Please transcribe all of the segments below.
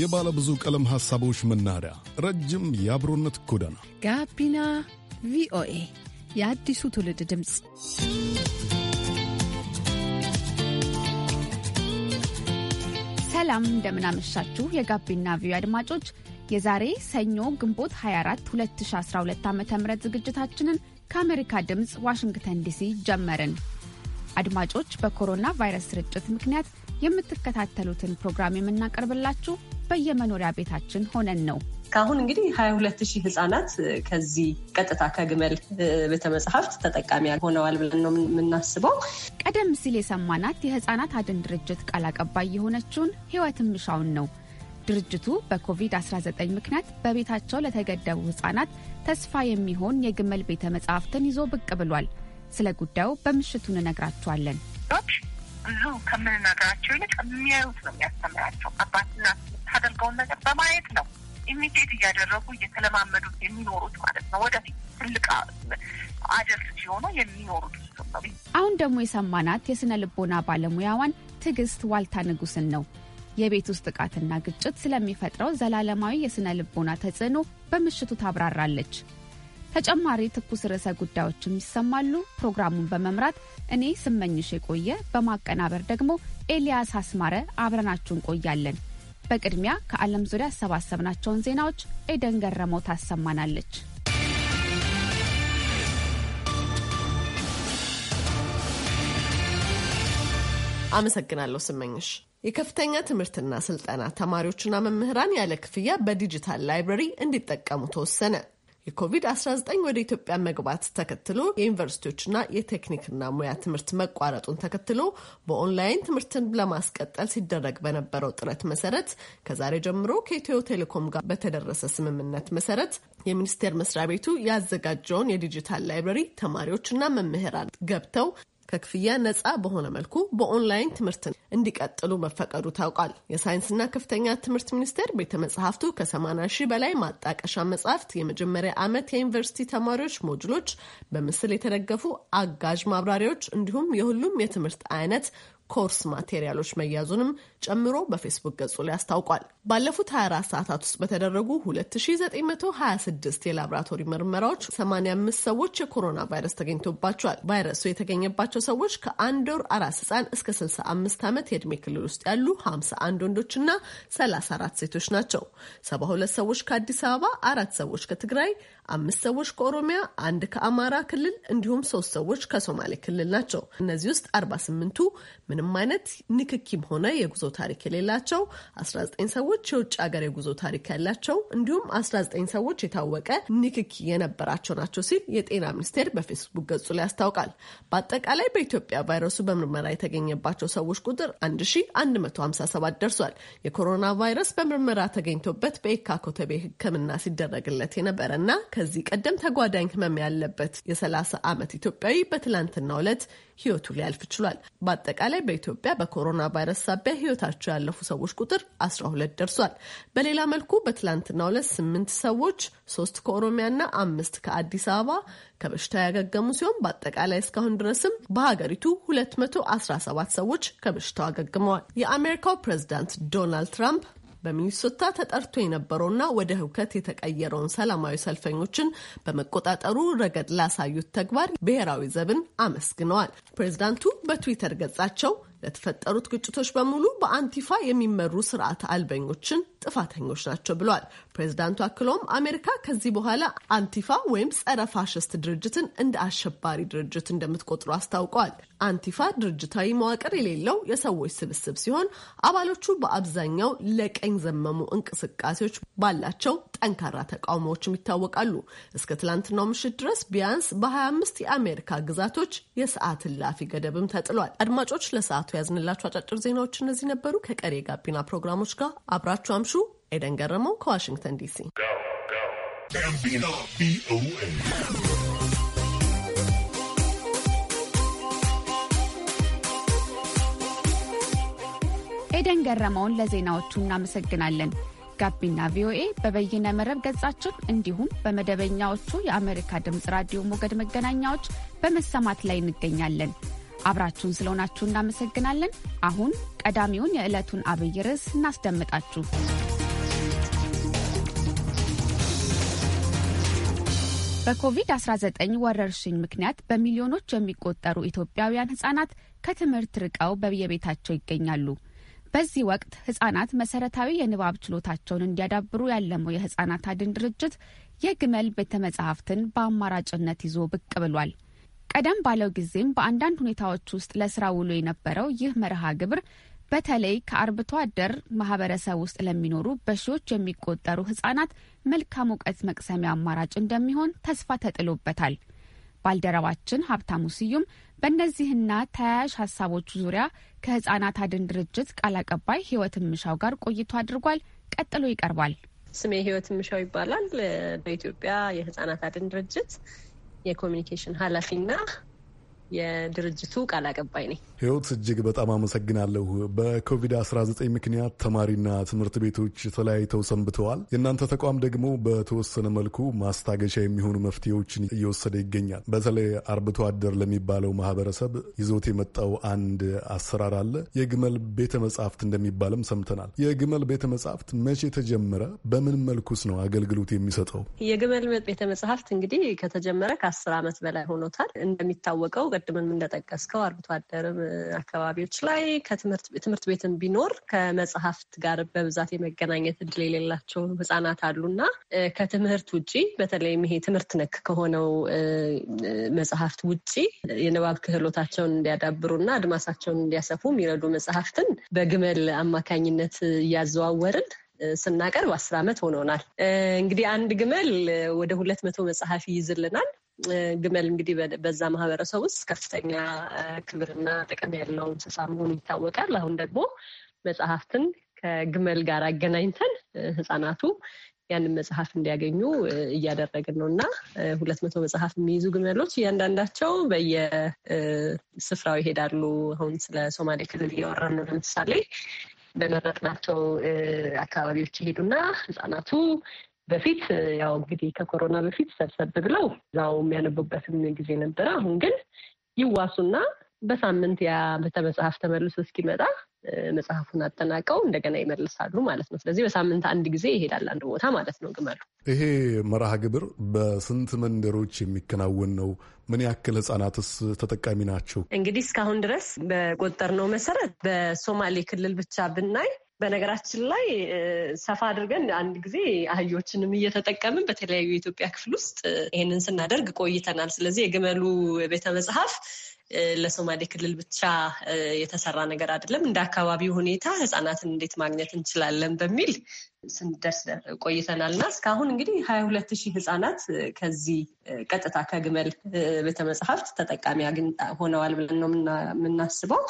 የባለ ብዙ ቀለም ሐሳቦች መናኸሪያ፣ ረጅም የአብሮነት ጎዳና ጋቢና ቪኦኤ የአዲሱ ትውልድ ድምፅ። ሰላም እንደምናመሻችሁ የጋቢና ቪኦኤ አድማጮች የዛሬ ሰኞ ግንቦት 24 2012 ዓ ም ዝግጅታችንን ከአሜሪካ ድምፅ ዋሽንግተን ዲሲ ጀመርን። አድማጮች በኮሮና ቫይረስ ስርጭት ምክንያት የምትከታተሉትን ፕሮግራም የምናቀርብላችሁ በየመኖሪያ ቤታችን ሆነን ነው። ከአሁን እንግዲህ ሀያ ሁለት ሺህ ህጻናት ከዚህ ቀጥታ ከግመል ቤተመጽሐፍት ተጠቃሚ ሆነዋል ብለን ነው የምናስበው። ቀደም ሲል የሰማናት የህጻናት አድን ድርጅት ቃል አቀባይ የሆነችውን ህይወት ምሻውን ነው። ድርጅቱ በኮቪድ-19 ምክንያት በቤታቸው ለተገደቡ ህጻናት ተስፋ የሚሆን የግመል ቤተ መጽሐፍትን ይዞ ብቅ ብሏል። ስለ ጉዳዩ በምሽቱ እንነግራችኋለን። ብዙ ከምንነግራቸው ይልቅ የሚያዩት ነው የሚያስተምራቸው። አባትና ታደርገውን ነገር በማየት ነው ኢሚቴት እያደረጉ እየተለማመዱት የሚኖሩት ማለት ነው። ወደፊት ትልቅ አደርስ ሲሆኑ የሚኖሩት አሁን ደግሞ የሰማናት የስነ ልቦና ባለሙያዋን ትዕግስት ዋልታ ንጉስን ነው። የቤት ውስጥ ጥቃትና ግጭት ስለሚፈጥረው ዘላለማዊ የስነ ልቦና ተጽዕኖ በምሽቱ ታብራራለች። ተጨማሪ ትኩስ ርዕሰ ጉዳዮችም ይሰማሉ። ፕሮግራሙን በመምራት እኔ ስመኝሽ የቆየ በማቀናበር ደግሞ ኤልያስ አስማረ አብረናችሁ እንቆያለን። በቅድሚያ ከዓለም ዙሪያ ያሰባሰብናቸውን ዜናዎች ኤደን ገረመው ታሰማናለች። አመሰግናለሁ ስመኝሽ። የከፍተኛ ትምህርትና ስልጠና ተማሪዎችና መምህራን ያለ ክፍያ በዲጂታል ላይብረሪ እንዲጠቀሙ ተወሰነ። የኮቪድ-19 ወደ ኢትዮጵያ መግባት ተከትሎ የዩኒቨርሲቲዎችና የቴክኒክና ሙያ ትምህርት መቋረጡን ተከትሎ በኦንላይን ትምህርትን ለማስቀጠል ሲደረግ በነበረው ጥረት መሰረት ከዛሬ ጀምሮ ከኢትዮ ቴሌኮም ጋር በተደረሰ ስምምነት መሰረት የሚኒስቴር መስሪያ ቤቱ ያዘጋጀውን የዲጂታል ላይብረሪ ተማሪዎችና መምህራን ገብተው ከክፍያ ነፃ በሆነ መልኩ በኦንላይን ትምህርትን እንዲቀጥሉ መፈቀዱ ታውቋል። የሳይንስና ከፍተኛ ትምህርት ሚኒስቴር ቤተ መጽሐፍቱ ከ80 ሺህ በላይ ማጣቀሻ መጽሐፍት፣ የመጀመሪያ ዓመት የዩኒቨርሲቲ ተማሪዎች ሞጁሎች፣ በምስል የተደገፉ አጋዥ ማብራሪያዎች እንዲሁም የሁሉም የትምህርት አይነት ኮርስ ማቴሪያሎች መያዙንም ጨምሮ በፌስቡክ ገጹ ላይ አስታውቋል። ባለፉት 24 ሰዓታት ውስጥ በተደረጉ 2926 የላብራቶሪ ምርመራዎች 85 ሰዎች የኮሮና ቫይረስ ተገኝቶባቸዋል። ቫይረሱ የተገኘባቸው ሰዎች ከአንድ ወር አራስ ህፃን እስከ 65 ዓመት የዕድሜ ክልል ውስጥ ያሉ 51 ወንዶችና 34 ሴቶች ናቸው። 72 ሰዎች ከአዲስ አበባ፣ አራት ሰዎች ከትግራይ፣ አምስት ሰዎች ከኦሮሚያ፣ አንድ ከአማራ ክልል እንዲሁም ሶስት ሰዎች ከሶማሌ ክልል ናቸው። እነዚህ ውስጥ 48ቱ ምንም አይነት ንክኪም ሆነ የጉዞ ታሪክ የሌላቸው 19 ሰዎች የውጭ ሀገር የጉዞ ታሪክ ያላቸው እንዲሁም 19 ሰዎች የታወቀ ንክኪ የነበራቸው ናቸው ሲል የጤና ሚኒስቴር በፌስቡክ ገጹ ላይ ያስታውቃል። በአጠቃላይ በኢትዮጵያ ቫይረሱ በምርመራ የተገኘባቸው ሰዎች ቁጥር 1157 ደርሷል። የኮሮና ቫይረስ በምርመራ ተገኝቶበት በኤካ ኮተቤ ሕክምና ሲደረግለት የነበረ እና ከዚህ ቀደም ተጓዳኝ ህመም ያለበት የ30 ዓመት ኢትዮጵያዊ በትላንትናው ዕለት ህይወቱ ሊያልፍ ችሏል። በአጠቃላይ በኢትዮጵያ በኮሮና ቫይረስ ሳቢያ ህይወታቸው ያለፉ ሰዎች ቁጥር 12 ደርሷል። በሌላ መልኩ በትላንትናው ዕለት ስምንት ሰዎች ሶስት ከኦሮሚያና አምስት ከአዲስ አበባ ከበሽታው ያገገሙ ሲሆን በአጠቃላይ እስካሁን ድረስም በሀገሪቱ 217 ሰዎች ከበሽታው አገግመዋል። የአሜሪካው ፕሬዚዳንት ዶናልድ ትራምፕ በሚኒሶታ ተጠርቶ የነበረውና ወደ ህውከት የተቀየረውን ሰላማዊ ሰልፈኞችን በመቆጣጠሩ ረገድ ላሳዩት ተግባር ብሔራዊ ዘብን አመስግነዋል። ፕሬዚዳንቱ በትዊተር ገጻቸው ለተፈጠሩት ግጭቶች በሙሉ በአንቲፋ የሚመሩ ስርዓት አልበኞችን ጥፋተኞች ናቸው ብለዋል። ፕሬዚዳንቱ አክለውም አሜሪካ ከዚህ በኋላ አንቲፋ ወይም ጸረ ፋሽስት ድርጅትን እንደ አሸባሪ ድርጅት እንደምትቆጥሩ አስታውቀዋል። አንቲፋ ድርጅታዊ መዋቅር የሌለው የሰዎች ስብስብ ሲሆን አባሎቹ በአብዛኛው ለቀኝ ዘመሙ እንቅስቃሴዎች ባላቸው ጠንካራ ተቃውሞዎችም ይታወቃሉ። እስከ ትላንትናው ምሽት ድረስ ቢያንስ በ25 የአሜሪካ ግዛቶች የሰዓት እላፊ ገደብም ተጥሏል። አድማጮች ለሰዓቱ ያዝንላችሁ አጫጭር ዜናዎች እነዚህ ነበሩ። ከቀሪ የጋቢና ፕሮግራሞች ጋር አብራችሁ አምሹ። ኤደን ገረመው ከዋሽንግተን ዲሲ ኤደን ገረመውን ለዜናዎቹ እናመሰግናለን። ጋቢና ቪኦኤ በበይነ መረብ ገጻችን እንዲሁም በመደበኛዎቹ የአሜሪካ ድምፅ ራዲዮ ሞገድ መገናኛዎች በመሰማት ላይ እንገኛለን። አብራችሁን ስለሆናችሁ እናመሰግናለን። አሁን ቀዳሚውን የዕለቱን አብይ ርዕስ እናስደምጣችሁ። በኮቪድ-19 ወረርሽኝ ምክንያት በሚሊዮኖች የሚቆጠሩ ኢትዮጵያውያን ህጻናት ከትምህርት ርቀው በየቤታቸው ይገኛሉ። በዚህ ወቅት ህጻናት መሰረታዊ የንባብ ችሎታቸውን እንዲያዳብሩ ያለመው የህጻናት አድን ድርጅት የግመል ቤተ መጻሕፍትን በአማራጭነት ይዞ ብቅ ብሏል። ቀደም ባለው ጊዜም በአንዳንድ ሁኔታዎች ውስጥ ለስራ ውሎ የነበረው ይህ መርሃ ግብር በተለይ ከአርብቶ አደር ማህበረሰብ ውስጥ ለሚኖሩ በሺዎች የሚቆጠሩ ህጻናት መልካም እውቀት መቅሰሚያ አማራጭ እንደሚሆን ተስፋ ተጥሎበታል። ባልደረባችን ሀብታሙ ስዩም በእነዚህና ተያያዥ ሀሳቦች ዙሪያ ከህጻናት አድን ድርጅት ቃል አቀባይ ህይወት ምሻው ጋር ቆይቶ አድርጓል። ቀጥሎ ይቀርባል። ስሜ ህይወት ምሻው ይባላል። በኢትዮጵያ የህጻናት አድን ድርጅት የኮሚኒኬሽን ኃላፊና የድርጅቱ ቃል አቀባይ ነኝ። ህይወት እጅግ በጣም አመሰግናለሁ። በኮቪድ-19 ምክንያት ተማሪና ትምህርት ቤቶች ተለያይተው ሰንብተዋል። የእናንተ ተቋም ደግሞ በተወሰነ መልኩ ማስታገሻ የሚሆኑ መፍትሄዎችን እየወሰደ ይገኛል። በተለይ አርብቶ አደር ለሚባለው ማህበረሰብ ይዞት የመጣው አንድ አሰራር አለ። የግመል ቤተ መጻሕፍት እንደሚባልም ሰምተናል። የግመል ቤተ መጻሕፍት መቼ ተጀመረ? በምን መልኩስ ነው አገልግሎት የሚሰጠው? የግመል ቤተ መጻሕፍት እንግዲህ ከተጀመረ ከአስር ዓመት በላይ ሆኖታል። እንደሚታወቀው ቅድምም እንደጠቀስከው አርብቶ አደርም አካባቢዎች ላይ ትምህርት ቤትን ቢኖር ከመጽሐፍት ጋር በብዛት የመገናኘት እድል የሌላቸው ህጻናት አሉና ከትምህርት ውጪ በተለይም ይሄ ትምህርት ነክ ከሆነው መጽሐፍት ውጪ የንባብ ክህሎታቸውን እንዲያዳብሩና አድማሳቸውን እንዲያሰፉ የሚረዱ መጽሐፍትን በግመል አማካኝነት እያዘዋወርን ስናቀርብ አስር ዓመት ሆኖናል። እንግዲህ አንድ ግመል ወደ ሁለት መቶ መጽሐፍ ይይዝልናል። ግመል እንግዲህ በዛ ማህበረሰብ ውስጥ ከፍተኛ ክብርና ጥቅም ያለው እንስሳ መሆኑ ይታወቃል። አሁን ደግሞ መጽሐፍትን ከግመል ጋር አገናኝተን ህጻናቱ ያንን መጽሐፍ እንዲያገኙ እያደረግን ነው እና ሁለት መቶ መጽሐፍ የሚይዙ ግመሎች እያንዳንዳቸው በየስፍራው ይሄዳሉ። አሁን ስለ ሶማሌ ክልል እያወራን ነው። ለምሳሌ በመረጥናቸው አካባቢዎች ይሄዱና ህጻናቱ በፊት ያው እንግዲህ ከኮሮና በፊት ሰብሰብ ብለው እዛው የሚያነቡበትም ጊዜ ነበረ። አሁን ግን ይዋሱና በሳምንት ያ ቤተመጽሐፍ ተመልሶ እስኪመጣ መጽሐፉን አጠናቀው እንደገና ይመልሳሉ ማለት ነው። ስለዚህ በሳምንት አንድ ጊዜ ይሄዳል አንድ ቦታ ማለት ነው ግመሉ። ይሄ መርሃ ግብር በስንት መንደሮች የሚከናወን ነው? ምን ያክል ህጻናትስ ተጠቃሚ ናቸው? እንግዲህ እስካሁን ድረስ በቆጠርነው መሰረት በሶማሌ ክልል ብቻ ብናይ በነገራችን ላይ ሰፋ አድርገን አንድ ጊዜ አህዮችንም እየተጠቀምን በተለያዩ የኢትዮጵያ ክፍል ውስጥ ይህንን ስናደርግ ቆይተናል። ስለዚህ የግመሉ ቤተ መጽሐፍ ለሶማሌ ክልል ብቻ የተሰራ ነገር አይደለም። እንደ አካባቢው ሁኔታ ህጻናትን እንዴት ማግኘት እንችላለን በሚል ስንደርስ ቆይተናል እና እስካሁን እንግዲህ ሀያ ሁለት ሺህ ህጻናት ከዚህ ቀጥታ ከግመል ቤተመጽሐፍት ተጠቃሚ ሆነዋል ብለን ነው የምናስበው።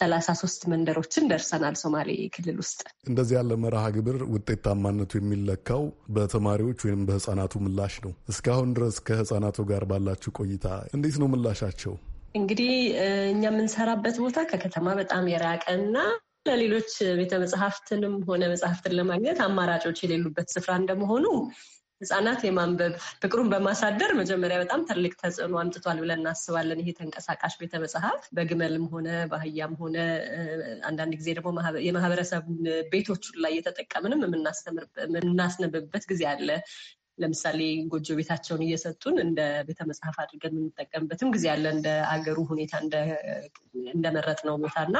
ሰላሳ ሶስት መንደሮችን ደርሰናል ሶማሌ ክልል ውስጥ። እንደዚህ ያለ መርሃ ግብር ውጤታማነቱ የሚለካው በተማሪዎች ወይም በህጻናቱ ምላሽ ነው። እስካሁን ድረስ ከህጻናቱ ጋር ባላችሁ ቆይታ እንዴት ነው ምላሻቸው? እንግዲህ እኛ የምንሰራበት ቦታ ከከተማ በጣም የራቀ እና ለሌሎች ቤተ መጽሐፍትንም ሆነ መጽሐፍትን ለማግኘት አማራጮች የሌሉበት ስፍራ እንደመሆኑ ህጻናት የማንበብ ፍቅሩን በማሳደር መጀመሪያ በጣም ትልቅ ተጽዕኖ አምጥቷል ብለን እናስባለን። ይሄ ተንቀሳቃሽ ቤተ መጽሐፍ በግመልም ሆነ በአህያም ሆነ አንዳንድ ጊዜ ደግሞ የማህበረሰቡን ቤቶች ላይ እየተጠቀምንም የምናስነብብበት ጊዜ አለ። ለምሳሌ ጎጆ ቤታቸውን እየሰጡን እንደ ቤተ መጽሐፍ አድርገን የምንጠቀምበትም ጊዜ አለ። እንደ አገሩ ሁኔታ እንደመረጥ ነው ቦታ እና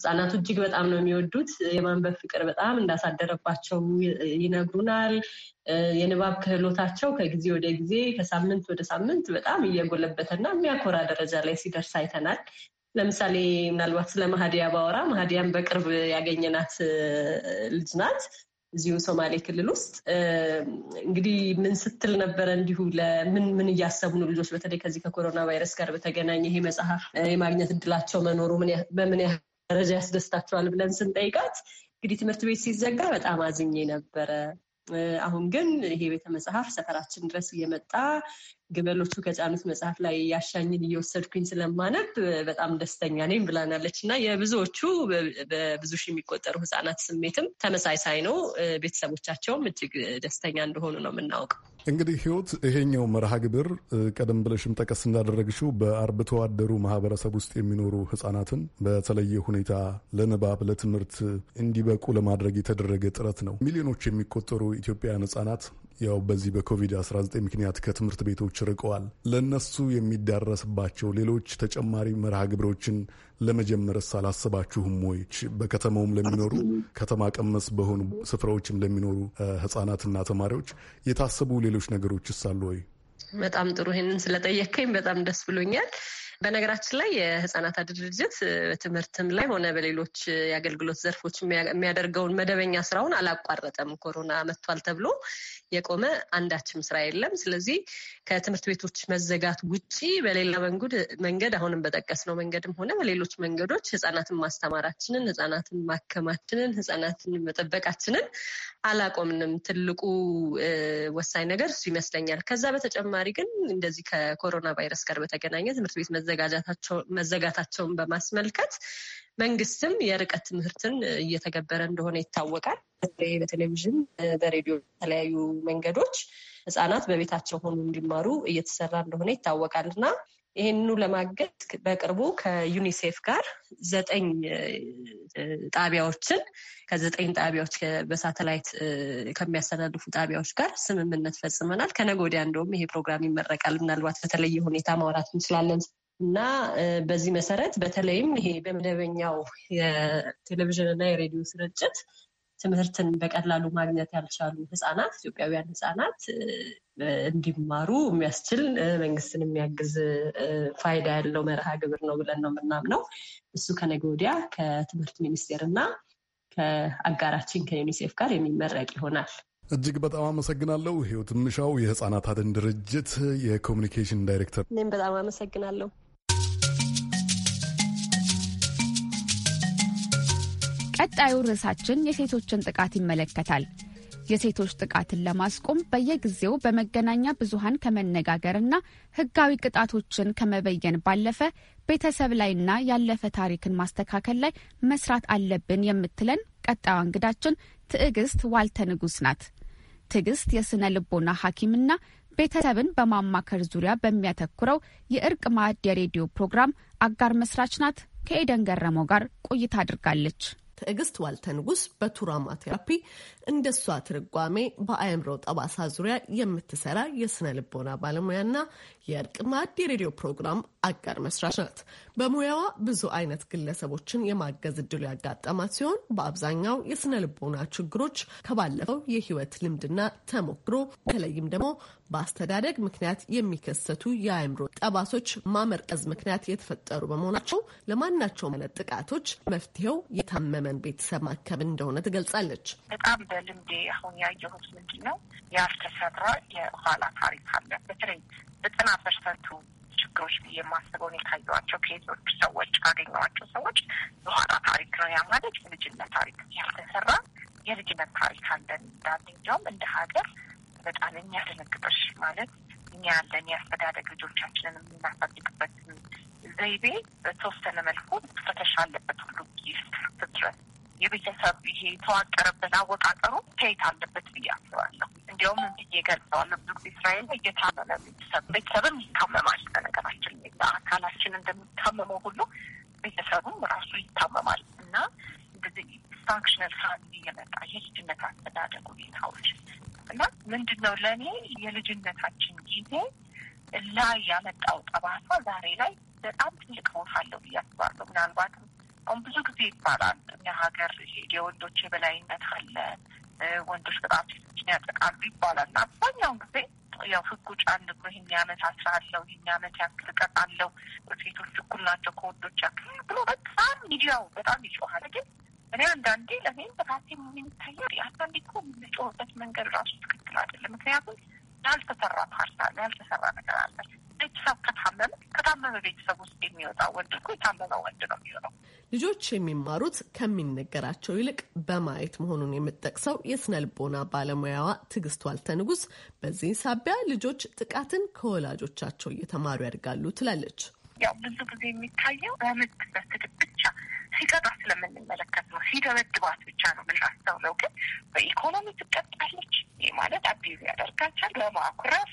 ህጻናቱ እጅግ በጣም ነው የሚወዱት። የማንበብ ፍቅር በጣም እንዳሳደረባቸው ይነግሩናል። የንባብ ክህሎታቸው ከጊዜ ወደ ጊዜ ከሳምንት ወደ ሳምንት በጣም እየጎለበተና የሚያኮራ ደረጃ ላይ ሲደርስ አይተናል። ለምሳሌ ምናልባት ስለ ማህዲያ ባወራ ማህዲያን በቅርብ ያገኘናት ልጅ ናት። እዚሁ ሶማሌ ክልል ውስጥ እንግዲህ ምን ስትል ነበረ? እንዲሁ ለምን ምን እያሰቡ ነው ልጆች በተለይ ከዚህ ከኮሮና ቫይረስ ጋር በተገናኘ ይሄ መጽሐፍ የማግኘት እድላቸው መኖሩ በምን ያህል ደረጃ ያስደስታቸዋል ብለን ስንጠይቃት እንግዲህ ትምህርት ቤት ሲዘጋ በጣም አዝኜ ነበረ። አሁን ግን ይሄ ቤተ መጽሐፍ ሰፈራችን ድረስ እየመጣ ግመሎቹ ከጫኑት መጽሐፍ ላይ ያሻኝን እየወሰድኩኝ ስለማነብ በጣም ደስተኛ ነኝ ብላናለች እና የብዙዎቹ በብዙ ሺህ የሚቆጠሩ ሕጻናት ስሜትም ተመሳሳይ ነው። ቤተሰቦቻቸውም እጅግ ደስተኛ እንደሆኑ ነው የምናውቀው። እንግዲህ ህይወት ይሄኛው መርሃ ግብር ቀደም ብለሽም ጠቀስ እንዳደረግሽው በአርብቶ አደሩ ማህበረሰብ ውስጥ የሚኖሩ ህጻናትን በተለየ ሁኔታ ለንባብ፣ ለትምህርት እንዲበቁ ለማድረግ የተደረገ ጥረት ነው። ሚሊዮኖች የሚቆጠሩ ኢትዮጵያውያን ህጻናት ያው በዚህ በኮቪድ-19 ምክንያት ከትምህርት ቤቶች ርቀዋል። ለእነሱ የሚዳረስባቸው ሌሎች ተጨማሪ መርሃ ግብሮችን ለመጀመርስ ሳላስባችሁም ወይች? በከተማውም ለሚኖሩ ከተማ ቀመስ በሆኑ ስፍራዎችም ለሚኖሩ ህጻናትና ተማሪዎች የታሰቡ ሌሎች ነገሮች ሳሉ ወይ? በጣም ጥሩ። ይህንን ስለጠየከኝ በጣም ደስ ብሎኛል። በነገራችን ላይ የህጻናት አድድርጅት ድርጅት በትምህርትም ላይ ሆነ በሌሎች የአገልግሎት ዘርፎች የሚያደርገውን መደበኛ ስራውን አላቋረጠም። ኮሮና መጥቷል ተብሎ የቆመ አንዳችም ስራ የለም። ስለዚህ ከትምህርት ቤቶች መዘጋት ውጪ በሌላ መንገድ አሁንም በጠቀስነው መንገድም ሆነ በሌሎች መንገዶች ህጻናትን ማስተማራችንን፣ ህጻናትን ማከማችንን፣ ህጻናትን መጠበቃችንን አላቆምንም። ትልቁ ወሳኝ ነገር እሱ ይመስለኛል። ከዛ በተጨማሪ ግን እንደዚህ ከኮሮና ቫይረስ ጋር በተገናኘ ትምህርት ቤት መዘጋታቸውን በማስመልከት መንግስትም የርቀት ትምህርትን እየተገበረ እንደሆነ ይታወቃል። በቴሌቪዥን፣ በሬዲዮ፣ የተለያዩ መንገዶች ህጻናት በቤታቸው ሆኑ እንዲማሩ እየተሰራ እንደሆነ ይታወቃል እና ይህንኑ ለማገዝ በቅርቡ ከዩኒሴፍ ጋር ዘጠኝ ጣቢያዎችን ከዘጠኝ ጣቢያዎች በሳተላይት ከሚያስተላልፉ ጣቢያዎች ጋር ስምምነት ፈጽመናል። ከነገ ወዲያ እንደውም ይሄ ፕሮግራም ይመረቃል። ምናልባት በተለየ ሁኔታ ማውራት እንችላለን። እና በዚህ መሰረት በተለይም ይሄ በመደበኛው የቴሌቪዥንና የሬዲዮ ስርጭት ትምህርትን በቀላሉ ማግኘት ያልቻሉ ህጻናት ኢትዮጵያውያን ህጻናት እንዲማሩ የሚያስችል መንግስትን የሚያግዝ ፋይዳ ያለው መርሃ ግብር ነው ብለን ነው የምናምነው። እሱ ከነገ ወዲያ ከትምህርት ሚኒስቴር እና ከአጋራችን ከዩኒሴፍ ጋር የሚመረቅ ይሆናል። እጅግ በጣም አመሰግናለሁ። ህይወት ምሻው የህጻናት አድን ድርጅት የኮሚኒኬሽን ዳይሬክተር። እኔም በጣም አመሰግናለሁ። ቀጣዩ ርዕሳችን የሴቶችን ጥቃት ይመለከታል። የሴቶች ጥቃትን ለማስቆም በየጊዜው በመገናኛ ብዙኃን ከመነጋገርና ሕጋዊ ቅጣቶችን ከመበየን ባለፈ ቤተሰብ ላይና ያለፈ ታሪክን ማስተካከል ላይ መስራት አለብን የምትለን ቀጣዩ እንግዳችን ትዕግስት ዋልተ ንጉስ ናት። ትዕግስት የስነ ልቦና ሐኪምና ቤተሰብን በማማከር ዙሪያ በሚያተኩረው የእርቅ ማዕድ የሬዲዮ ፕሮግራም አጋር መስራች ናት። ከኤደን ገረመው ጋር ቆይታ አድርጋለች። ትዕግስት ዋልተ ንጉስ በቱራማ ቴራፒ እንደሷ ትርጓሜ በአእምሮ ጠባሳ ዙሪያ የምትሰራ የስነ ልቦና ባለሙያና የእርቅ ማዕድ የሬዲዮ ፕሮግራም አጋር መስራች ናት። በሙያዋ ብዙ አይነት ግለሰቦችን የማገዝ እድሉ ያጋጠማት ሲሆን በአብዛኛው የስነ ልቦና ችግሮች ከባለፈው የህይወት ልምድና ተሞክሮ በተለይም ደግሞ በአስተዳደግ ምክንያት የሚከሰቱ የአእምሮ ጠባሶች ማመርቀዝ ምክንያት የተፈጠሩ በመሆናቸው ለማናቸው አይነት ጥቃቶች መፍትሄው የታመመን ቤተሰብ ማከም እንደሆነ ትገልጻለች። በጣም በልምዴ አሁን ያየሁት ምንድን ነው ያልተሰራ የኋላ ታሪክ አለ። በተለይ ዘጠና ፐርሰንቱ ችግሮች ብዬ የማስበውን የታየዋቸው ከየዞች ሰዎች ካገኘዋቸው ሰዎች የኋላ ታሪክ ነው። ያ ማለት የልጅነት ታሪክ ያልተሰራ የልጅነት ታሪክ አለን እንዳለ እንዲያውም እንደ ሀገር በጣም የሚያስደነግጦች ማለት እኛ ያለን የአስተዳደግ ልጆቻችንን የምናሳድግበት ዘይቤ በተወሰነ መልኩ ፈተሻ አለበት ሁሉ ጊዜ ፍጥረት የቤተሰብ ይሄ የተዋቀረበት አወቃቀሩ ከየት አለበት ብዬ አስባለሁ። እንዲያውም ብዬ ገልጸዋለሁ። ብዙ እስራኤል እየታመመ ቤተሰብ ቤተሰብም ይታመማል። በነገራችን አካላችን እንደሚታመመው ሁሉ ቤተሰቡም ራሱ ይታመማል እና እንግዲህ ፋንክሽናል ፋሚሊ የመጣ የልጅነት አስተዳደግ ሁኔታዎች እና ምንድን ነው ለእኔ የልጅነታችን ጊዜ ላይ ያመጣው ጠባሳ ዛሬ ላይ በጣም ትልቅ ቦታ አለው ብዬ አስባለሁ። ምናልባትም አሁን ብዙ ጊዜ ይባላል እኛ ሀገር የወንዶች የበላይነት አለ፣ ወንዶች በጣም ሴቶችን ያጠቃሉ ይባላል እና አብዛኛውን ጊዜ ያው ህጉ ጫን ብሎ ይህን ያመት አስራ አለው ይህን ያመት ያክል ቀጥ አለው ሴቶች እኩል ናቸው ከወንዶች ያክል ብሎ በጣም ሚዲያው በጣም ይጮሃል። ግን እኔ አንዳንዴ ለእኔም በራሴ የሚታየው አንዳንዴ እኮ የምንጮህበት መንገድ ራሱ ትክክል አይደለም። ምክንያቱም ያልተሰራ ፓርት አለ፣ ያልተሰራ ነገር አለ። ቤተሰብ ከታመመ ከታመመ ቤተሰብ ውስጥ የሚወጣ ወንድ እኮ የታመመ ወንድ ነው የሚሆነው። ልጆች የሚማሩት ከሚነገራቸው ይልቅ በማየት መሆኑን የምትጠቅሰው የስነ ልቦና ባለሙያዋ ትዕግስት ዋልተንጉስ በዚህ ሳቢያ ልጆች ጥቃትን ከወላጆቻቸው እየተማሩ ያድጋሉ ትላለች። ያው ብዙ ጊዜ የሚታየው በምት በስድብ ብቻ ሲቀጣ ስለምንመለከት ነው። ሲደበድባት ብቻ ነው የምናስተውለው። ግን በኢኮኖሚ ትቀጣለች። ይህ ማለት አቢዩ ያደርጋታል። በማኩረፍ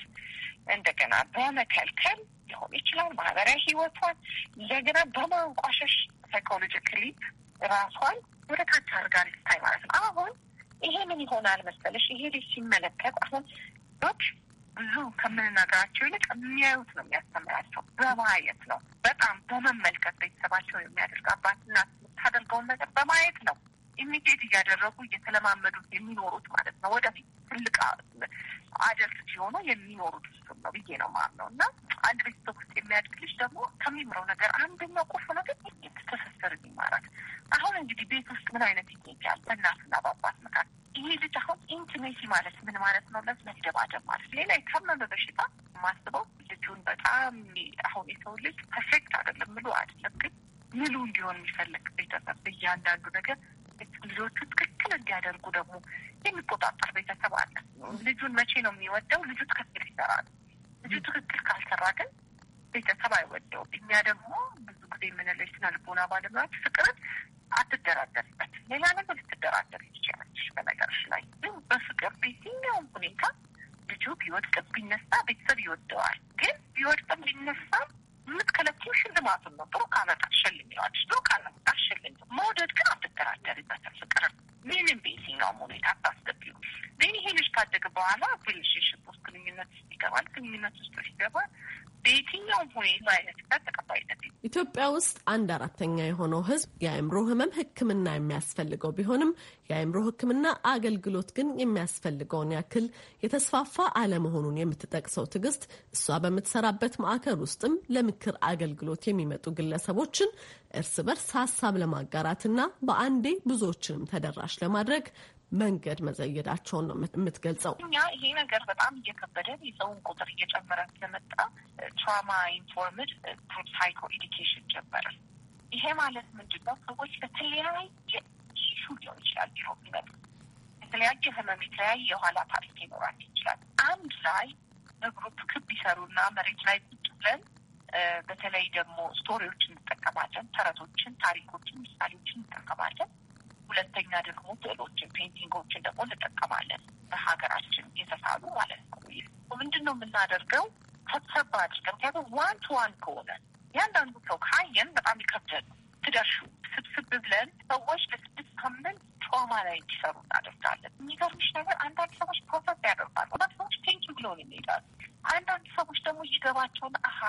እንደገና በመከልከል ሊሆን ይችላል ማህበራዊ ህይወቷን እንደገና በማንቋሸሽ ሳይኮሎጂካሊ ራሷን ወደ ታች አድርጋ ልታይ ማለት ነው። አሁን ይሄ ምን ይሆናል መሰለሽ ይሄ ልጅ ሲመለከት አሁን ዶች ብዙ ከምንነግራቸው ይልቅ የሚያዩት ነው የሚያስተምራቸው። በማየት ነው በጣም በመመልከት ቤተሰባቸው የሚያደርግ አባት የምታደርገውን ነገር በማየት ነው ኢሚቴት እያደረጉ እየተለማመዱት የሚኖሩት ማለት ነው። ወደፊት ትልቅ አደርስ ሲሆኑ የሚኖሩት እሱም ነው ብዬ ነው ማለት ነው። እና አንድ ቤተሰብ ውስጥ የሚያድግ ልጅ ደግሞ ከሚምረው ነገር አንደኛው ቁልፍ ነገር ትስስር ይማራል። አሁን እንግዲህ ቤት ውስጥ ምን አይነት ይገኛል በእናትና በአባት መካከል ይሄ ልጅ አሁን ኢንቲሜሲ ማለት ምን ማለት ነው? ለት መደባደብ ማለት ሌላ የታመመ በሽታ ማስበው ልጁን በጣም አሁን የሰው ልጅ ፐርፌክት አይደለም ምሉ አይደለም፣ ግን ምሉ እንዲሆን የሚፈልግ ቤተሰብ እያንዳንዱ ነገር ልጆቹ ትክክል እንዲያደርጉ ደግሞ የሚቆጣጠር ቤተሰብ አለ። ልጁን መቼ ነው የሚወደው? ልጁ ትክክል ይሰራል። ልጁ ትክክል ካልሰራ ግን ቤተሰብ አይወደውም። እኛ ደግሞ ብዙ ጊዜ የምንለው የስነ ልቦና ባለሙያዎች ፍቅርን አትደራደርበት። ሌላ ነገር ልትደራደር ትችላለች። በነገርሽ ላይ ግን በፍቅር በየትኛውም ሁኔታ ልጁ ቢወድቅ ቢነሳ ቤተሰብ ይወደዋል። ግን ቢወድቅ ቢነሳ የምትከለኪው ሽልማቱን ነው። ጥሩ ካመጣ ትሸልሚዋለሽ፣ ጥሩ ካላመጣ ትሸልሚ። መውደድ ግን አትደራደሪበትም። ፍቅር ምንም በየትኛውም ሁኔታ አታስገቢው። ግን ይሄ ልጅ ካደገ በኋላ ሪሌሽንሽፕ ውስጥ ግንኙነት ውስጥ ይገባል። ግንኙነት ውስጥ ሲገባ በየትኛውም ሁኔታ አይነት ጋር ተቀባይነት ኢትዮጵያ ውስጥ አንድ አራተኛ የሆነው ህዝብ የአእምሮ ህመም ህክምና የሚያስፈልገው ቢሆንም የአእምሮ ህክምና አገልግሎት ግን የሚያስፈልገውን ያክል የተስፋፋ አለመሆኑን የምትጠቅሰው ትዕግስት እሷ በምትሰራበት ማዕከል ውስጥም ለምክር አገልግሎት የሚመጡ ግለሰቦችን እርስ በርስ ሀሳብ ለማጋራትና በአንዴ ብዙዎችንም ተደራሽ ለማድረግ መንገድ መዘየዳቸውን ነው የምትገልጸው። እኛ ይሄ ነገር በጣም እየከበደን የሰውን ቁጥር እየጨመረ ስለመጣ ትራማ ኢንፎርምድ ግሩፕ ሳይኮ ኤዲኬሽን ጀመረ። ይሄ ማለት ምንድን ነው? ሰዎች በተለያየ ሹ ሊሆን ይችላል ቢሮ የሚመጡ የተለያየ ህመም፣ የተለያየ የኋላ ታሪክ ይኖራል ይችላል። አንድ ላይ በግሩፕ ክብ ይሰሩና መሬት ላይ ቁጭ ብለን በተለይ ደግሞ ስቶሪዎችን እንጠቀማለን፣ ተረቶችን፣ ታሪኮችን፣ ምሳሌዎችን እንጠቀማለን ሁለተኛ ደግሞ ስዕሎችን፣ ፔንቲንጎችን ደግሞ እንጠቀማለን። በሀገራችን የተሳሉ ማለት ነው። ምንድን ነው የምናደርገው? ሰብሰባ አድርገን ምክንያቱም ዋን ቱ ዋን ከሆነ ያንዳንዱ ሰው ካየን በጣም ይከብደል ትደርሹ ስብስብ ብለን ሰዎች ለስድስት ሳምንት ትራውማ ላይ እንዲሰሩ እናደርጋለን። የሚገርምሽ ነገር አንዳንድ ሰዎች ፕሮሰስ ያደርጋሉ። አንዳንድ ሰዎች ቴንኪ ብለውን ይሄዳሉ። አንዳንድ ሰዎች ደግሞ ይገባቸውን አሀ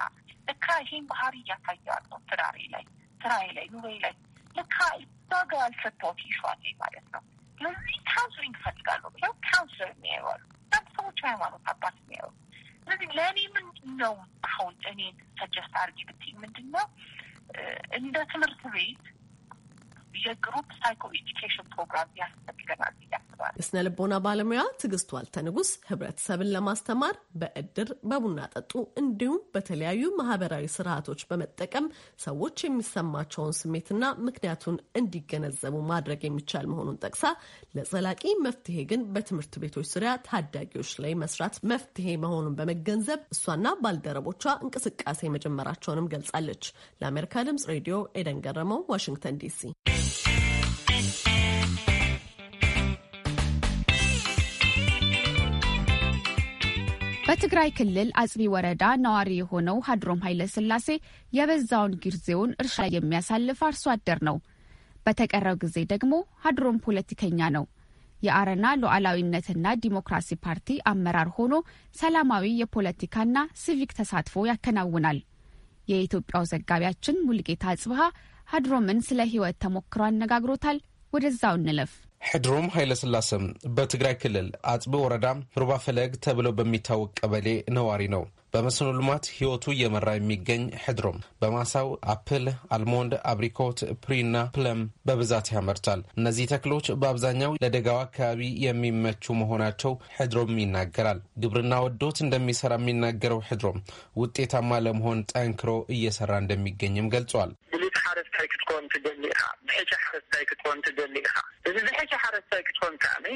እካ ይሄን ባህሪ እያሳያለሁ ትዳሬ ላይ፣ ስራዬ ላይ፣ ኑሬ ላይ ለካ እዛ ጋር ይሸዋል ማለት ነው። ለዚህ ካውንስሊንግ እፈልጋለሁ ብለው ካውንስለር የሚያዩዋሉ በጣም ሰዎች ሃይማኖት አባት የሚያዩ ስለዚህ ለእኔ ምንድን ነው አሁን እኔ ሰጀስት አድርጊ ብትይ ምንድን ነው እንደ ትምህርት ቤት የግሩፕ ሳይኮ ኤጁኬሽን ፕሮግራም ያስፈልገናል ያስባል። የስነ ልቦና ባለሙያ ትዕግስቱ ንጉስ ህብረተሰብን ለማስተማር በእድር በቡና ጠጡ እንዲሁም በተለያዩ ማህበራዊ ስርዓቶች በመጠቀም ሰዎች የሚሰማቸውን ስሜትና ምክንያቱን እንዲገነዘቡ ማድረግ የሚቻል መሆኑን ጠቅሳ ለዘላቂ መፍትሄ ግን በትምህርት ቤቶች ዙሪያ ታዳጊዎች ላይ መስራት መፍትሄ መሆኑን በመገንዘብ እሷና ባልደረቦቿ እንቅስቃሴ መጀመራቸውንም ገልጻለች። ለአሜሪካ ድምጽ ሬዲዮ ኤደን ገረመው፣ ዋሽንግተን ዲሲ በትግራይ ክልል አጽቢ ወረዳ ነዋሪ የሆነው ሀድሮም ኃይለስላሴ የበዛውን ጊዜውን እርሻ ላይ የሚያሳልፍ አርሶ አደር ነው። በተቀረው ጊዜ ደግሞ ሀድሮም ፖለቲከኛ ነው። የአረና ሉዓላዊነትና ዲሞክራሲ ፓርቲ አመራር ሆኖ ሰላማዊ የፖለቲካና ሲቪክ ተሳትፎ ያከናውናል። የኢትዮጵያው ዘጋቢያችን ሙልጌታ አጽብሃ ሀድሮምን ስለ ሕይወት ተሞክሮ አነጋግሮታል። ወደዛው እንለፍ። ሕድሮም ኃይለስላሴም በትግራይ ክልል አጽቢ ወረዳ ሩባ ፈለግ ተብሎ በሚታወቅ ቀበሌ ነዋሪ ነው። በመስኖ ልማት ህይወቱ እየመራ የሚገኝ ሕድሮም በማሳው አፕል፣ አልሞንድ፣ አብሪኮት፣ ፕሪና ፕለም በብዛት ያመርታል። እነዚህ ተክሎች በአብዛኛው ለደጋው አካባቢ የሚመቹ መሆናቸው ሕድሮም ይናገራል። ግብርና ወዶት እንደሚሰራ የሚናገረው ሕድሮም ውጤታማ ለመሆን ጠንክሮ እየሰራ እንደሚገኝም ገልጿል። ሓረስታይ ክትኮን ትደሊ ኢኻ ብሕቻ ሓረስታይ ክትኮን ትደሊ ኢኻ እዚ ብሕቻ ሓረስታይ ክትኮን ከዓኒ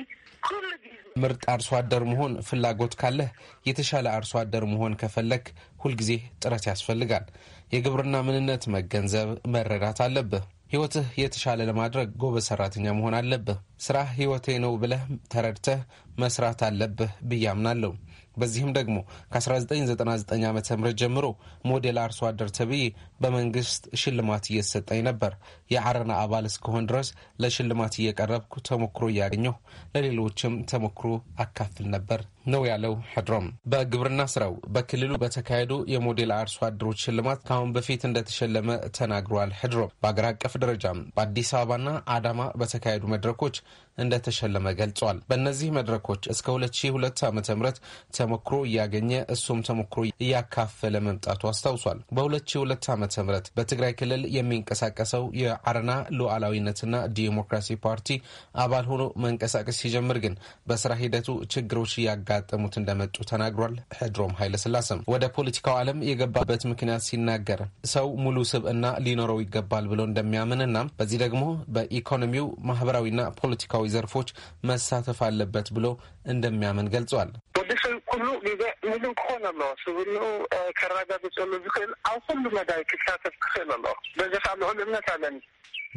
ኩሉ ግዜ ምርጥ ኣርሶ ኣደር ምሆን ፍላጎት ካለህ የተሻለ ኣርሶ ኣደር ምሆን ከፈለክ ሁልጊዜ ጥረት ያስፈልጋል። የግብርና ምንነት መገንዘብ መረዳት አለብህ። ህይወትህ የተሻለ ለማድረግ ጎበዝ ሰራተኛ መሆን አለብህ። ስራህ ህይወቴ ነው ብለህ ተረድተህ መስራት አለብህ ብዬ አምናለሁ። በዚህም ደግሞ ከ1999 ዓ ም ጀምሮ ሞዴል አርሶ አደር ተብዬ በመንግስት ሽልማት እየተሰጠኝ ነበር። የአረና አባል እስከሆን ድረስ ለሽልማት እየቀረብኩ ተሞክሮ እያገኘሁ ለሌሎችም ተሞክሮ አካፍል ነበር ነው ያለው። ሕድሮም በግብርና ስራው በክልሉ በተካሄዱ የሞዴል አርሶ አደሮች ሽልማት ከአሁን በፊት እንደተሸለመ ተናግሯል። ሕድሮም በአገር አቀፍ ደረጃም በአዲስ አበባና አዳማ በተካሄዱ መድረኮች እንደተሸለመ ገልጿል። በእነዚህ መድረኮች እስከ 2002 ዓ ም ተሞክሮ እያገኘ እሱም ተሞክሮ እያካፈለ መምጣቱ አስታውሷል። በ2002 ዓ ም በትግራይ ክልል የሚንቀሳቀሰው የአረና ሉዓላዊነትና ዲሞክራሲ ፓርቲ አባል ሆኖ መንቀሳቀስ ሲጀምር ግን በስራ ሂደቱ ችግሮች እያጋጠሙት እንደመጡ ተናግሯል። ሕድሮም ኃይለስላሴም ወደ ፖለቲካው ዓለም የገባበት ምክንያት ሲናገር ሰው ሙሉ ስብዕና ሊኖረው ይገባል ብሎ እንደሚያምንና በዚህ ደግሞ በኢኮኖሚው ማህበራዊና ፖለቲካዊ መሰረታዊ ዘርፎች መሳተፍ አለበት ብሎ እንደሚያምን ገልጿል።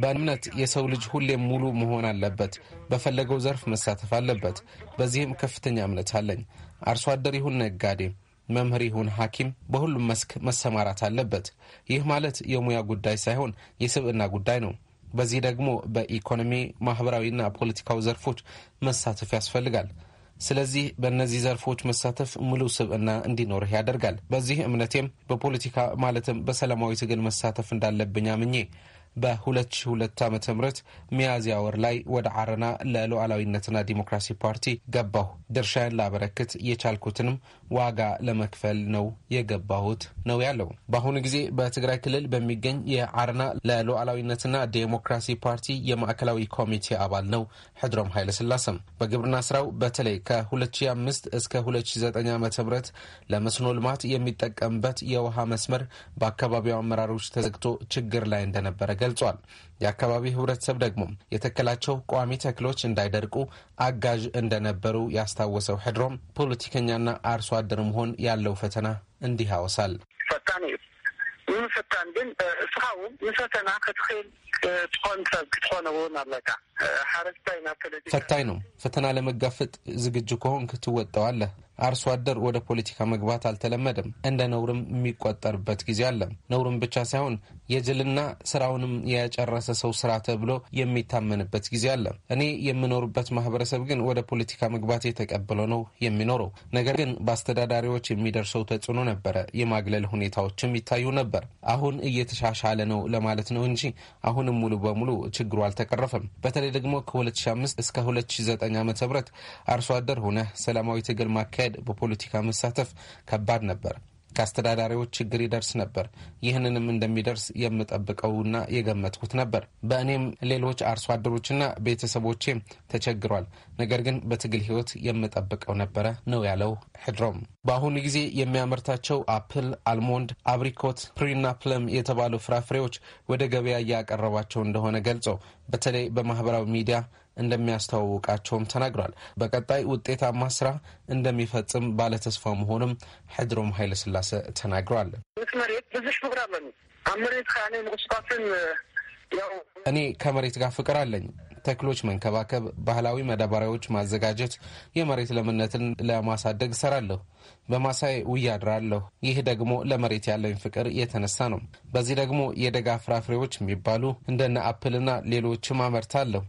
በእምነት የሰው ልጅ ሁሌም ሙሉ መሆን አለበት። በፈለገው ዘርፍ መሳተፍ አለበት። በዚህም ከፍተኛ እምነት አለኝ። አርሶ አደር ይሁን ነጋዴ መምህር ይሁን ሐኪም በሁሉም መስክ መሰማራት አለበት። ይህ ማለት የሙያ ጉዳይ ሳይሆን የስብዕና ጉዳይ ነው። በዚህ ደግሞ በኢኮኖሚ ማህበራዊና ፖለቲካዊ ዘርፎች መሳተፍ ያስፈልጋል። ስለዚህ በእነዚህ ዘርፎች መሳተፍ ሙሉ ስብዕና እንዲኖርህ ያደርጋል። በዚህ እምነቴም በፖለቲካ ማለትም በሰላማዊ ትግል መሳተፍ እንዳለብኝ አምኜ በ2002 ዓ ም ሚያዝያ ወር ላይ ወደ አረና ለሉዓላዊነትና ዲሞክራሲ ፓርቲ ገባሁ። ድርሻዬን ላበረክት የቻልኩትንም ዋጋ ለመክፈል ነው የገባሁት ነው ያለው። በአሁኑ ጊዜ በትግራይ ክልል በሚገኝ የአረና ለሉዓላዊነትና ዲሞክራሲ ፓርቲ የማዕከላዊ ኮሚቴ አባል ነው። ሕድሮም ኃይለስላሰም በግብርና ስራው በተለይ ከ2005 እስከ 2009 ዓ ም ለመስኖ ልማት የሚጠቀምበት የውሃ መስመር በአካባቢው አመራሮች ተዘግቶ ችግር ላይ እንደነበረ ገልጿል። የአካባቢው ህብረተሰብ ደግሞ የተከላቸው ቋሚ ተክሎች እንዳይደርቁ አጋዥ እንደነበሩ ያስታወሰው ሕድሮም ፖለቲከኛና አርሶ አደር መሆን ያለው ፈተና እንዲህ ያወሳል። ፈታን እዩ ንምፍታን ግን እስኻ ንፈተና ክትክእል ትኾን ሰብ ክትኾነ እውን ኣለካ ሓረስታይ ናብ ፈታኝ ነው። ፈተና ለመጋፈጥ ዝግጁ ከሆን ክትወጠው አለ አርሶ አደር ወደ ፖለቲካ መግባት አልተለመደም። እንደ ነውርም የሚቆጠርበት ጊዜ አለ። ነውርም ብቻ ሳይሆን የጅልና ስራውንም የጨረሰ ሰው ስራ ተብሎ የሚታመንበት ጊዜ አለ። እኔ የምኖርበት ማህበረሰብ ግን ወደ ፖለቲካ መግባት የተቀበለው ነው የሚኖረው። ነገር ግን በአስተዳዳሪዎች የሚደርሰው ተጽዕኖ ነበረ። የማግለል ሁኔታዎችም ይታዩ ነበር። አሁን እየተሻሻለ ነው ለማለት ነው እንጂ አሁንም ሙሉ በሙሉ ችግሩ አልተቀረፈም። በተለይ ደግሞ ከ2005 እስከ 2009 ዓ ም አርሶ አደር ሆነ ሰላማዊ ትግል ማካሄድ ሲካሄድ በፖለቲካ መሳተፍ ከባድ ነበር። ከአስተዳዳሪዎች ችግር ይደርስ ነበር። ይህንንም እንደሚደርስ የምጠብቀውና የገመትኩት ነበር። በእኔም ሌሎች አርሶ አደሮችና ቤተሰቦቼም ተቸግሯል። ነገር ግን በትግል ህይወት የምጠብቀው ነበረ ነው ያለው ሕድሮም። በአሁኑ ጊዜ የሚያመርታቸው አፕል፣ አልሞንድ፣ አብሪኮት፣ ፕሪና ፕለም የተባሉ ፍራፍሬዎች ወደ ገበያ እያቀረባቸው እንደሆነ ገልጸው በተለይ በማህበራዊ ሚዲያ እንደሚያስተዋውቃቸውም ተናግሯል። በቀጣይ ውጤታማ ስራ እንደሚፈጽም ባለተስፋ መሆኑም ሕድሮም ኃይለስላሴ ተናግሯል። እኔ ከመሬት ጋር ፍቅር አለኝ። ተክሎች መንከባከብ፣ ባህላዊ መዳበሪያዎች ማዘጋጀት፣ የመሬት ለምነትን ለማሳደግ እሰራለሁ። በማሳይ ውያድራለሁ። ይህ ደግሞ ለመሬት ያለኝ ፍቅር የተነሳ ነው። በዚህ ደግሞ የደጋ ፍራፍሬዎች የሚባሉ እንደነ አፕልና ሌሎችም አመርታለሁ።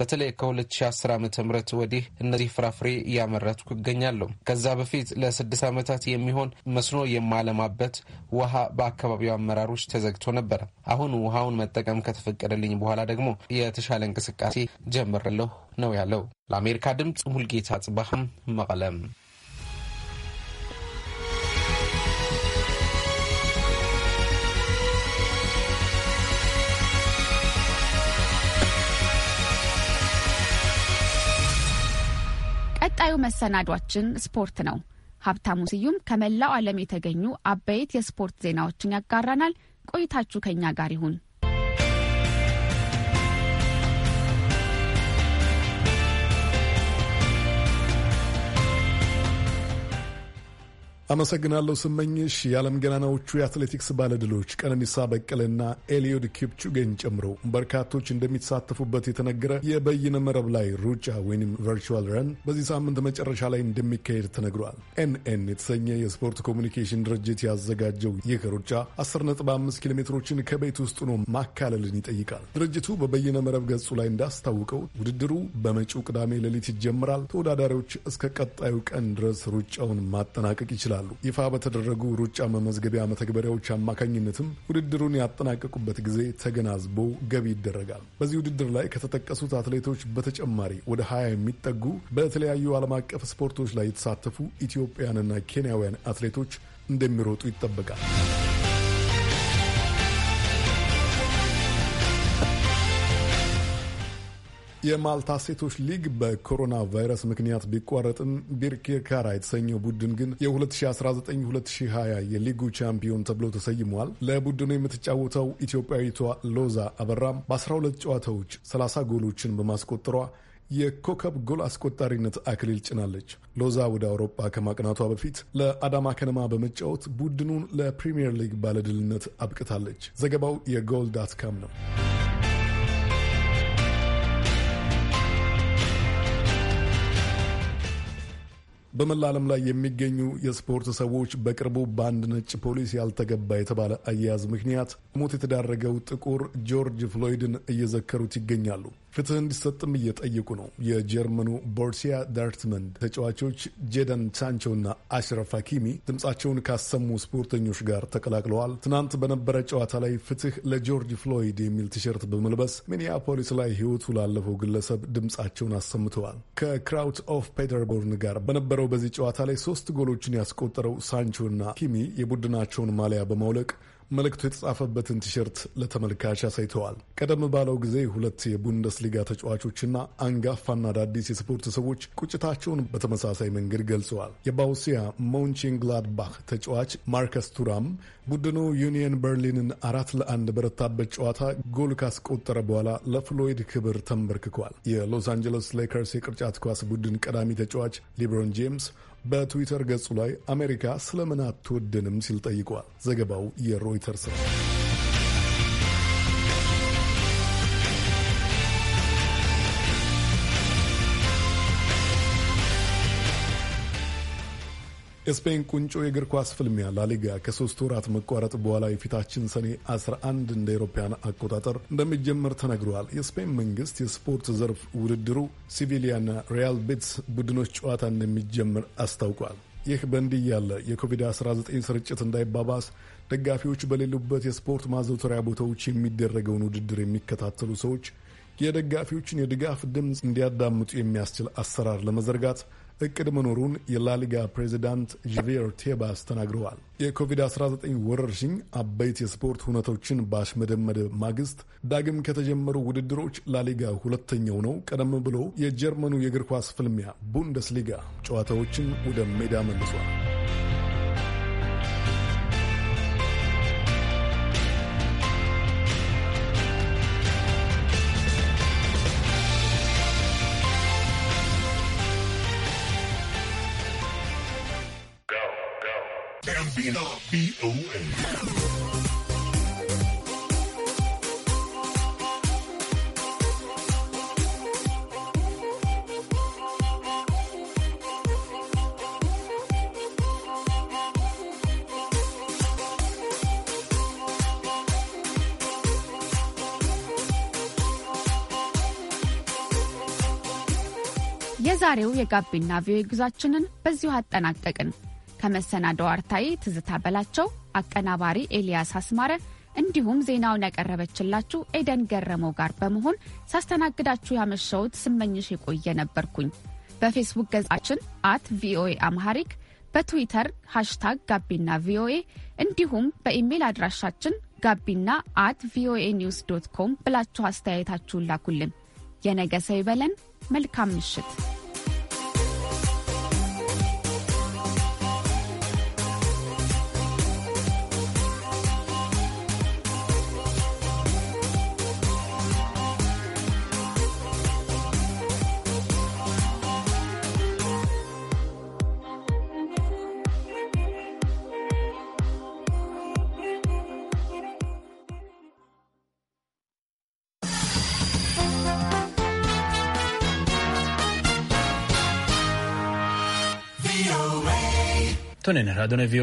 በተለይ ከ2010 ዓ ም ወዲህ እነዚህ ፍራፍሬ እያመረትኩ እገኛለሁ። ከዛ በፊት ለስድስት ዓመታት የሚሆን መስኖ የማለማበት ውሃ በአካባቢው አመራሮች ተዘግቶ ነበረ። አሁን ውሃውን መጠቀም ከተፈቀደልኝ በኋላ ደግሞ የተሻለ እንቅስቃሴ ጀምርለሁ ነው ያለው። ለአሜሪካ ድምፅ ሙልጌታ ጽባህም መቀለም ቀጣዩ መሰናዷችን ስፖርት ነው። ሀብታሙ ስዩም ከመላው ዓለም የተገኙ አበይት የስፖርት ዜናዎችን ያጋራናል። ቆይታችሁ ከኛ ጋር ይሁን። አመሰግናለሁ ስመኝሽ። የዓለም ገናናዎቹ የአትሌቲክስ ባለድሎች ቀነኒሳ በቀለና ኤልዮድ ኪፕቹጌን ጨምሮ በርካቶች እንደሚሳተፉበት የተነገረ የበይነ መረብ ላይ ሩጫ ወይም ቨርቹዋል ረን በዚህ ሳምንት መጨረሻ ላይ እንደሚካሄድ ተነግሯል። ኤንኤን የተሰኘ የስፖርት ኮሚኒኬሽን ድርጅት ያዘጋጀው ይህ ሩጫ 15 ኪሎ ሜትሮችን ከቤት ውስጥ ሆኖ ማካለልን ይጠይቃል። ድርጅቱ በበይነ መረብ ገጹ ላይ እንዳስታውቀው ውድድሩ በመጪው ቅዳሜ ሌሊት ይጀምራል። ተወዳዳሪዎች እስከ ቀጣዩ ቀን ድረስ ሩጫውን ማጠናቀቅ ይችላል ይችላሉ። ይፋ በተደረጉ ሩጫ መመዝገቢያ መተግበሪያዎች አማካኝነትም ውድድሩን ያጠናቀቁበት ጊዜ ተገናዝቦ ገቢ ይደረጋል። በዚህ ውድድር ላይ ከተጠቀሱት አትሌቶች በተጨማሪ ወደ 20 የሚጠጉ በተለያዩ ዓለም አቀፍ ስፖርቶች ላይ የተሳተፉ ኢትዮጵያንና ኬንያውያን አትሌቶች እንደሚሮጡ ይጠበቃል። የማልታ ሴቶች ሊግ በኮሮና ቫይረስ ምክንያት ቢቋረጥም ቢርኪርካራ የተሰኘው ቡድን ግን የ2019-2020 የሊጉ ቻምፒዮን ተብሎ ተሰይሟል። ለቡድኑ የምትጫወተው ኢትዮጵያዊቷ ሎዛ አበራም በ12 ጨዋታዎች 30 ጎሎችን በማስቆጠሯ የኮከብ ጎል አስቆጣሪነት አክሊል ጭናለች። ሎዛ ወደ አውሮፓ ከማቅናቷ በፊት ለአዳማ ከነማ በመጫወት ቡድኑን ለፕሪምየር ሊግ ባለድልነት አብቅታለች። ዘገባው የጎል ዳት ካም ነው። በመላ ዓለም ላይ የሚገኙ የስፖርት ሰዎች በቅርቡ በአንድ ነጭ ፖሊስ ያልተገባ የተባለ አያያዝ ምክንያት ሞት የተዳረገው ጥቁር ጆርጅ ፍሎይድን እየዘከሩት ይገኛሉ። ፍትህ እንዲሰጥም እየጠየቁ ነው። የጀርመኑ ቦርሲያ ዳርትመንድ ተጫዋቾች ጄደን ሳንቾና አሽረፍ ሀኪሚ ድምፃቸውን ካሰሙ ስፖርተኞች ጋር ተቀላቅለዋል። ትናንት በነበረ ጨዋታ ላይ ፍትህ ለጆርጅ ፍሎይድ የሚል ቲሸርት በመልበስ ሚኒያፖሊስ ላይ ሕይወቱ ላለፈው ግለሰብ ድምፃቸውን አሰምተዋል። ከክራውት ኦፍ ፔደርቦርን ጋር በነበረው በዚህ ጨዋታ ላይ ሶስት ጎሎችን ያስቆጠረው ሳንቾና ኪሚ የቡድናቸውን ማሊያ በማውለቅ መልእክቱ የተጻፈበትን ቲሸርት ለተመልካች አሳይተዋል። ቀደም ባለው ጊዜ ሁለት የቡንደስሊጋ ተጫዋቾችና አንጋፋና አዳዲስ የስፖርት ሰዎች ቁጭታቸውን በተመሳሳይ መንገድ ገልጸዋል። የባውሲያ ሞንቼንግላድባህ ተጫዋች ማርከስ ቱራም ቡድኑ ዩኒየን በርሊንን አራት ለአንድ በረታበት ጨዋታ ጎል ካስቆጠረ በኋላ ለፍሎይድ ክብር ተንበርክኳል። የሎስ አንጀለስ ሌከርስ የቅርጫት ኳስ ቡድን ቀዳሚ ተጫዋች ሊብሮን ጄምስ በትዊተር ገጹ ላይ አሜሪካ ስለምን አትወደንም ሲል ጠይቋል። ዘገባው የሮይተርስ ነው። የስፔን ቁንጮ የእግር ኳስ ፍልሚያ ላሊጋ ከሶስት ወራት መቋረጥ በኋላ የፊታችን ሰኔ 11 እንደ አውሮፓውያን አቆጣጠር እንደሚጀመር ተነግሯል። የስፔን መንግስት የስፖርት ዘርፍ ውድድሩ ሲቪሊያና ሪያል ቤትስ ቡድኖች ጨዋታ እንደሚጀምር አስታውቋል። ይህ በእንዲህ ያለ የኮቪድ-19 ስርጭት እንዳይባባስ ደጋፊዎች በሌሉበት የስፖርት ማዘውተሪያ ቦታዎች የሚደረገውን ውድድር የሚከታተሉ ሰዎች የደጋፊዎችን የድጋፍ ድምፅ እንዲያዳምጡ የሚያስችል አሰራር ለመዘርጋት እቅድ መኖሩን የላሊጋ ፕሬዚዳንት ዣቪየር ቴባስ ተናግረዋል። የኮቪድ-19 ወረርሽኝ አበይት የስፖርት ሁነቶችን ባሽመደመደ ማግስት ዳግም ከተጀመሩ ውድድሮች ላሊጋ ሁለተኛው ነው። ቀደም ብሎ የጀርመኑ የእግር ኳስ ፍልሚያ ቡንደስሊጋ ጨዋታዎችን ወደ ሜዳ መልሷል። የዛሬው የጋቢና ቪኦኤ ጉዟችንን በዚሁ አጠናቀቅን። ከመሰናዶው አርታይ ትዝታ በላቸው፣ አቀናባሪ ኤልያስ አስማረ እንዲሁም ዜናውን ያቀረበችላችሁ ኤደን ገረመው ጋር በመሆን ሳስተናግዳችሁ ያመሸውት ስመኝሽ የቆየ ነበርኩኝ። በፌስቡክ ገጻችን አት ቪኦኤ አምሃሪክ በትዊተር ሃሽታግ ጋቢና ቪኦኤ እንዲሁም በኢሜይል አድራሻችን ጋቢና አት ቪኦኤ ኒውስ ዶት ኮም ብላችሁ አስተያየታችሁን ላኩልን። የነገ ሰው ይበለን። መልካም ምሽት። Tú Tony Narrado, Nevio.